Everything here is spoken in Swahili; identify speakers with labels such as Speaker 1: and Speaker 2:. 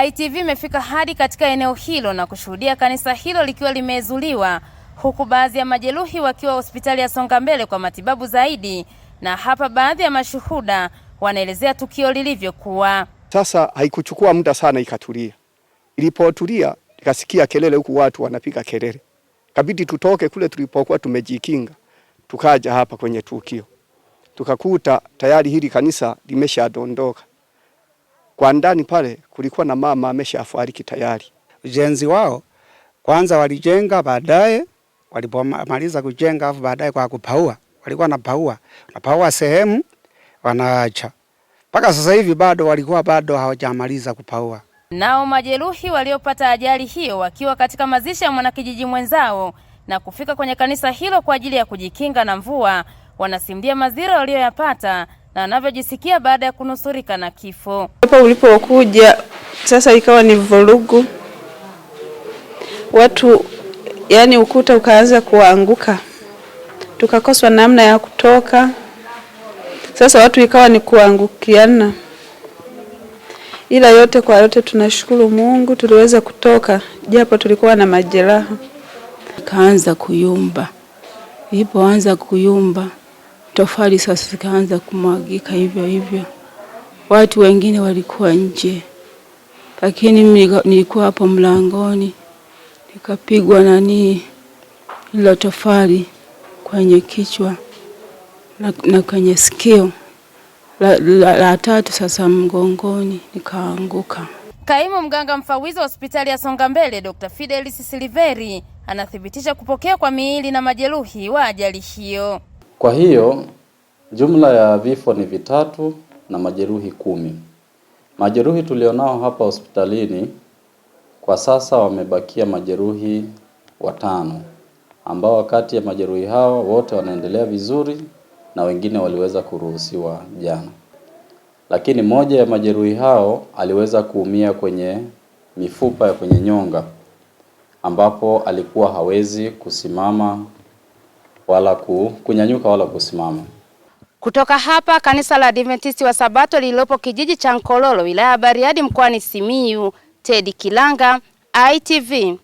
Speaker 1: ITV imefika hadi katika eneo hilo na kushuhudia kanisa hilo likiwa limezuliwa huku baadhi ya majeruhi wakiwa hospitali ya mbele kwa matibabu zaidi, na hapa baadhi ya mashuhuda wanaelezea tukio lilivyokuwa.
Speaker 2: Sasa haikuchukua muda sana, ikatulia. Ilipotulia ikasikia kelele huku watu wanapiga kelele, kabidi tutoke kule tulipokuwa tumejikinga, tukaja hapa kwenye tukio, tukakuta tayari hili kanisa limeshadondoka kwa ndani pale kulikuwa na mama ameshafariki tayari.
Speaker 3: Ujenzi wao kwanza walijenga, baadaye walipomaliza kujenga, afu baadaye kwa kupaua, walikuwa na paua na paua sehemu wanaacha mpaka sasa hivi bado walikuwa bado hawajamaliza kupaua.
Speaker 1: Nao majeruhi waliopata ajali hiyo wakiwa katika mazishi ya mwanakijiji mwenzao na kufika kwenye kanisa hilo kwa ajili ya kujikinga na mvua, wanasimulia madhira waliyoyapata na anavyojisikia baada ya kunusurika na kifo.
Speaker 4: Hapa ulipokuja sasa ikawa ni vurugu, watu yani ukuta ukaanza kuanguka, tukakoswa namna ya kutoka. Sasa watu ikawa ni kuangukiana, ila yote kwa yote tunashukuru Mungu tuliweza kutoka, japo tulikuwa na majeraha.
Speaker 5: Kaanza kuyumba, anza kuyumba tofali sasa zikaanza kumwagika hivyo hivyo. Watu wengine walikuwa nje, lakini mimi nilikuwa hapo mlangoni, nikapigwa nani ilo tofali kwenye kichwa na, na kwenye sikio la, la, la tatu sasa mgongoni nikaanguka.
Speaker 1: Kaimu mganga mfawizi wa hospitali ya songa mbele Dr. Fidelis Siliveri anathibitisha kupokea kwa miili na majeruhi wa ajali hiyo.
Speaker 6: Kwa hiyo jumla ya vifo ni vitatu na majeruhi kumi. Majeruhi tulionao hapa hospitalini kwa sasa wamebakia majeruhi watano ambao kati ya majeruhi hao wote wanaendelea vizuri na wengine waliweza kuruhusiwa jana, lakini moja ya majeruhi hao aliweza kuumia kwenye mifupa ya kwenye nyonga ambapo alikuwa hawezi kusimama wala kunyanyuka wala kusimama.
Speaker 1: Kutoka hapa kanisa la Adventisti wa Sabato lililopo kijiji cha Nkololo wilaya ya Bariadi mkoani Simiyu, Tedi Kilanga, ITV.